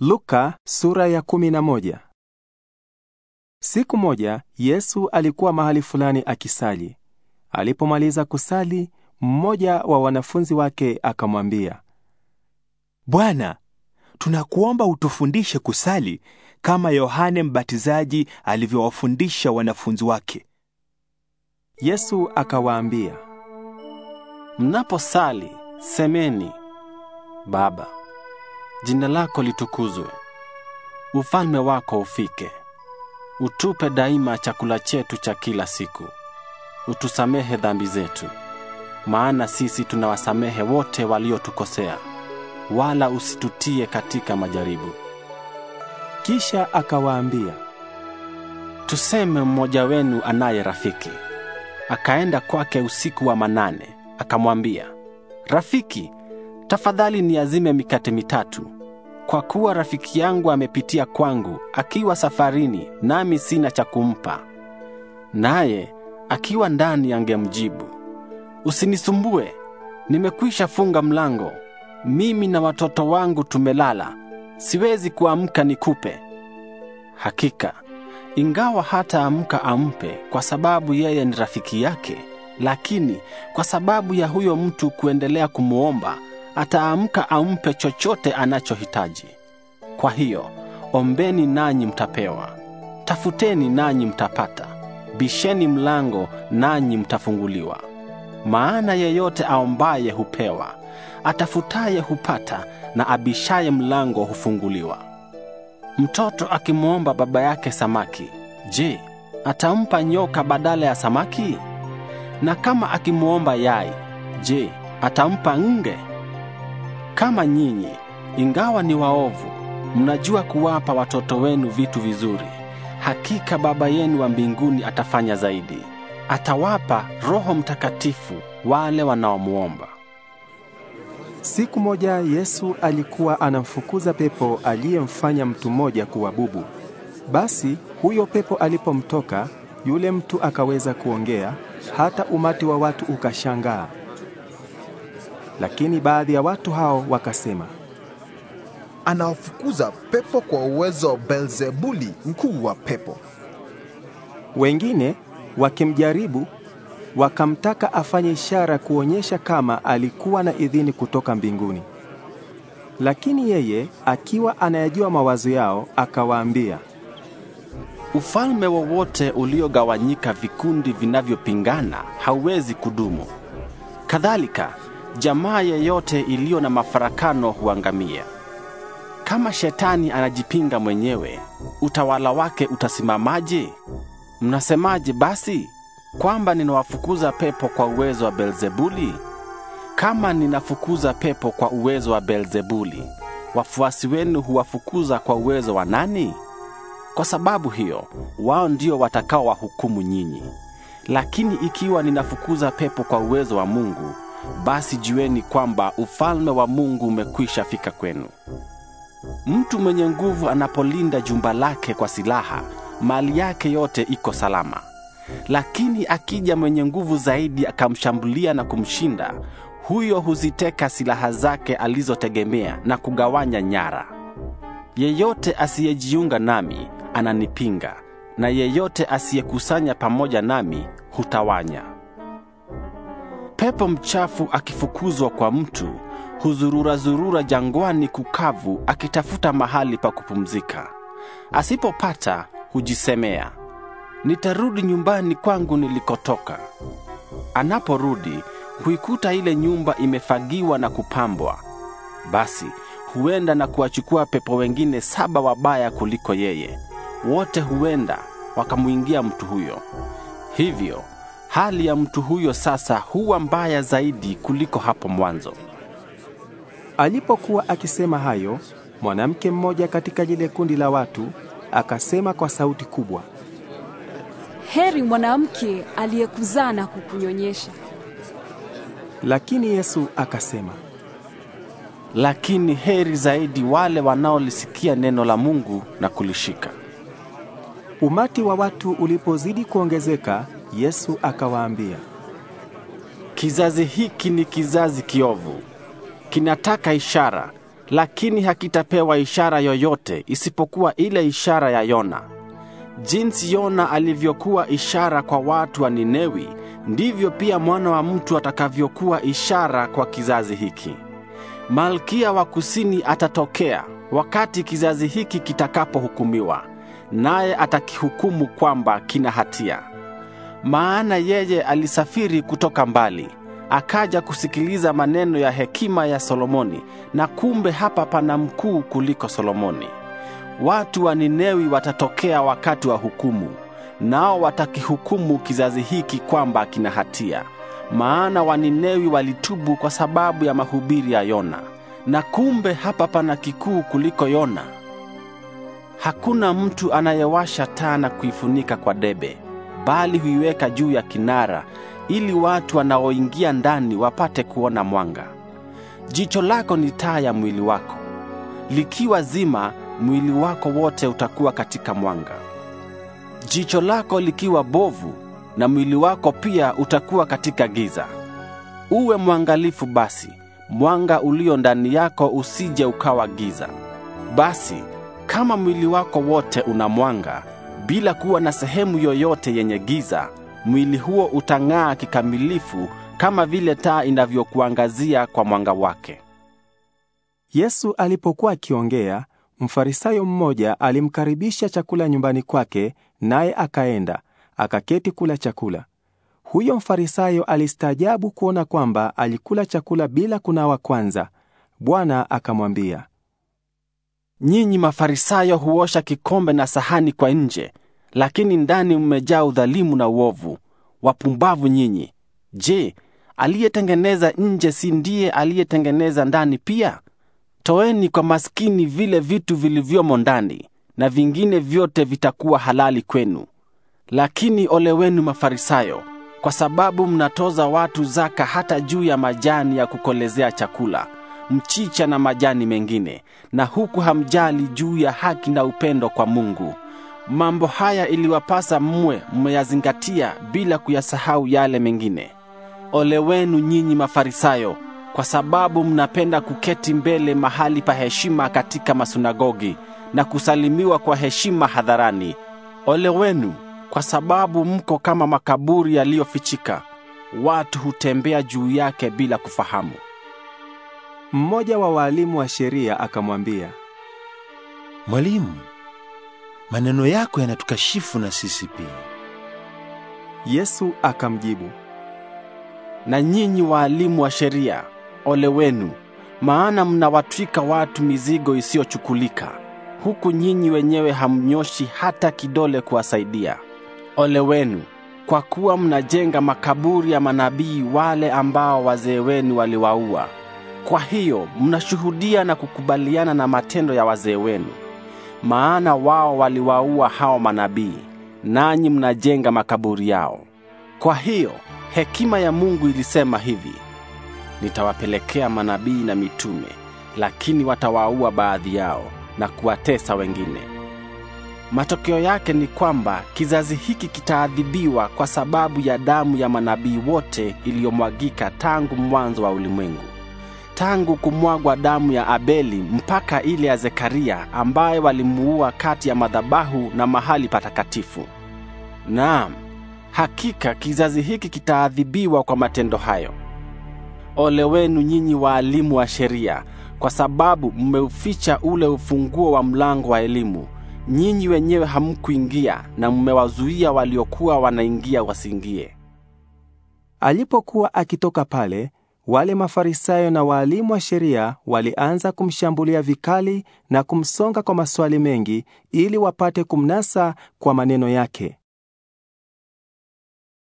Luka sura ya kumi na moja. Siku moja Yesu alikuwa mahali fulani akisali. Alipomaliza kusali, mmoja wa wanafunzi wake akamwambia, Bwana, tunakuomba utufundishe kusali kama Yohane Mbatizaji alivyowafundisha wanafunzi wake. Yesu akawaambia, Mnaposali semeni, Baba jina lako litukuzwe, ufalme wako ufike. Utupe daima chakula chetu cha kila siku. Utusamehe dhambi zetu, maana sisi tunawasamehe wote waliotukosea, wala usitutie katika majaribu. Kisha akawaambia, tuseme mmoja wenu anaye rafiki, akaenda kwake usiku wa manane, akamwambia, rafiki tafadhali niazime mikate mitatu, kwa kuwa rafiki yangu amepitia kwangu akiwa safarini, nami sina cha kumpa. Naye akiwa ndani angemjibu, usinisumbue, nimekwisha funga mlango, mimi na watoto wangu tumelala, siwezi kuamka nikupe. Hakika ingawa hata amka ampe, kwa sababu yeye ni rafiki yake, lakini kwa sababu ya huyo mtu kuendelea kumwomba ataamka ampe chochote anachohitaji. Kwa hiyo ombeni nanyi mtapewa, tafuteni nanyi mtapata, bisheni mlango nanyi mtafunguliwa. Maana yeyote aombaye hupewa, atafutaye hupata, na abishaye mlango hufunguliwa. Mtoto akimwomba baba yake samaki, je, atampa nyoka badala ya samaki? Na kama akimwomba yai, je, atampa nge? Kama nyinyi ingawa ni waovu, mnajua kuwapa watoto wenu vitu vizuri, hakika Baba yenu wa mbinguni atafanya zaidi, atawapa Roho Mtakatifu wale wanaomwomba. Siku moja Yesu alikuwa anamfukuza pepo aliyemfanya mtu mmoja kuwa bubu. Basi huyo pepo alipomtoka, yule mtu akaweza kuongea, hata umati wa watu ukashangaa. Lakini baadhi ya watu hao wakasema, anawafukuza pepo kwa uwezo wa Belzebuli, mkuu wa pepo. Wengine wakimjaribu wakamtaka afanye ishara kuonyesha kama alikuwa na idhini kutoka mbinguni. Lakini yeye akiwa anayajua mawazo yao akawaambia, ufalme wowote uliogawanyika vikundi vinavyopingana hauwezi kudumu. Kadhalika Jamaa yeyote iliyo na mafarakano huangamia. Kama shetani anajipinga mwenyewe, utawala wake utasimamaje? Mnasemaje basi kwamba ninawafukuza pepo kwa uwezo wa Belzebuli? Kama ninafukuza pepo kwa uwezo wa Belzebuli, wafuasi wenu huwafukuza kwa uwezo wa nani? Kwa sababu hiyo, wao ndio watakaowahukumu nyinyi. Lakini ikiwa ninafukuza pepo kwa uwezo wa Mungu, basi jiweni kwamba ufalme wa Mungu umekwisha fika kwenu. Mtu mwenye nguvu anapolinda jumba lake kwa silaha, mali yake yote iko salama. Lakini akija mwenye nguvu zaidi akamshambulia na kumshinda, huyo huziteka silaha zake alizotegemea na kugawanya nyara. Yeyote asiyejiunga nami ananipinga, na yeyote asiyekusanya pamoja nami hutawanya. Pepo mchafu akifukuzwa kwa mtu huzurura zurura jangwani kukavu akitafuta mahali pa kupumzika. Asipopata hujisemea, nitarudi nyumbani kwangu nilikotoka. Anaporudi huikuta ile nyumba imefagiwa na kupambwa. Basi huenda na kuwachukua pepo wengine saba wabaya kuliko yeye. Wote huenda wakamwingia mtu huyo. Hivyo hali ya mtu huyo sasa huwa mbaya zaidi kuliko hapo mwanzo. Alipokuwa akisema hayo, mwanamke mmoja katika lile kundi la watu akasema kwa sauti kubwa, heri mwanamke aliyekuzaa na kukunyonyesha. Lakini Yesu akasema, lakini heri zaidi wale wanaolisikia neno la Mungu na kulishika. Umati wa watu ulipozidi kuongezeka, Yesu akawaambia, kizazi hiki ni kizazi kiovu, kinataka ishara, lakini hakitapewa ishara yoyote isipokuwa ile ishara ya Yona. Jinsi Yona alivyokuwa ishara kwa watu wa Ninewi, ndivyo pia mwana wa mtu atakavyokuwa ishara kwa kizazi hiki. Malkia wa kusini atatokea wakati kizazi hiki kitakapohukumiwa, naye atakihukumu kwamba kina hatia maana yeye alisafiri kutoka mbali akaja kusikiliza maneno ya hekima ya Solomoni, na kumbe hapa pana mkuu kuliko Solomoni. Watu wa Ninewi watatokea wakati wa hukumu, nao watakihukumu kizazi hiki kwamba kina hatia, maana Waninewi walitubu kwa sababu ya mahubiri ya Yona, na kumbe hapa pana kikuu kuliko Yona. Hakuna mtu anayewasha taa na kuifunika kwa debe bali huiweka juu ya kinara, ili watu wanaoingia ndani wapate kuona mwanga. Jicho lako ni taa ya mwili wako. Likiwa zima, mwili wako wote utakuwa katika mwanga. Jicho lako likiwa bovu, na mwili wako pia utakuwa katika giza. Uwe mwangalifu basi, mwanga ulio ndani yako usije ukawa giza. Basi kama mwili wako wote una mwanga, bila kuwa na sehemu yoyote yenye giza. Mwili huo utang'aa kikamilifu kama vile taa inavyokuangazia kwa mwanga wake. Yesu alipokuwa akiongea, Mfarisayo mmoja alimkaribisha chakula nyumbani kwake, naye akaenda akaketi kula chakula. Huyo Mfarisayo alistaajabu kuona kwamba alikula chakula bila kunawa kwanza. Bwana akamwambia, Nyinyi Mafarisayo huosha kikombe na sahani kwa nje, lakini ndani mmejaa udhalimu na uovu. Wapumbavu nyinyi! Je, aliyetengeneza nje si ndiye aliyetengeneza ndani pia? Toeni kwa maskini vile vitu vilivyomo ndani, na vingine vyote vitakuwa halali kwenu. Lakini ole wenu Mafarisayo, kwa sababu mnatoza watu zaka hata juu ya majani ya kukolezea chakula mchicha na majani mengine, na huku hamjali juu ya haki na upendo kwa Mungu. Mambo haya iliwapasa mwe mmeyazingatia bila kuyasahau yale mengine. Ole wenu nyinyi Mafarisayo, kwa sababu mnapenda kuketi mbele mahali pa heshima katika masunagogi na kusalimiwa kwa heshima hadharani. Ole wenu kwa sababu mko kama makaburi yaliyofichika, watu hutembea juu yake bila kufahamu. Mmoja wa walimu wa sheria akamwambia, Mwalimu, maneno yako yanatukashifu na sisi pia. Yesu akamjibu, na nyinyi waalimu wa sheria, ole wenu, maana mnawatwika watu mizigo isiyochukulika, huku nyinyi wenyewe hamnyoshi hata kidole kuwasaidia. Ole wenu, kwa kuwa mnajenga makaburi ya manabii wale ambao wazee wenu waliwaua. Kwa hiyo mnashuhudia na kukubaliana na matendo ya wazee wenu, maana wao waliwaua hao manabii, nanyi mnajenga makaburi yao. Kwa hiyo hekima ya Mungu ilisema hivi: nitawapelekea manabii na mitume, lakini watawaua baadhi yao na kuwatesa wengine. Matokeo yake ni kwamba kizazi hiki kitaadhibiwa kwa sababu ya damu ya manabii wote iliyomwagika tangu mwanzo wa ulimwengu tangu kumwagwa damu ya Abeli mpaka ile ya Zekaria ambaye walimuua kati ya madhabahu na mahali patakatifu. Naam, hakika kizazi hiki kitaadhibiwa kwa matendo hayo. Ole wenu nyinyi waalimu wa sheria, kwa sababu mmeuficha ule ufunguo wa mlango wa elimu. Nyinyi wenyewe hamkuingia na mmewazuia waliokuwa wanaingia wasiingie. Alipokuwa akitoka pale, wale Mafarisayo na waalimu wa sheria walianza kumshambulia vikali na kumsonga kwa maswali mengi ili wapate kumnasa kwa maneno yake.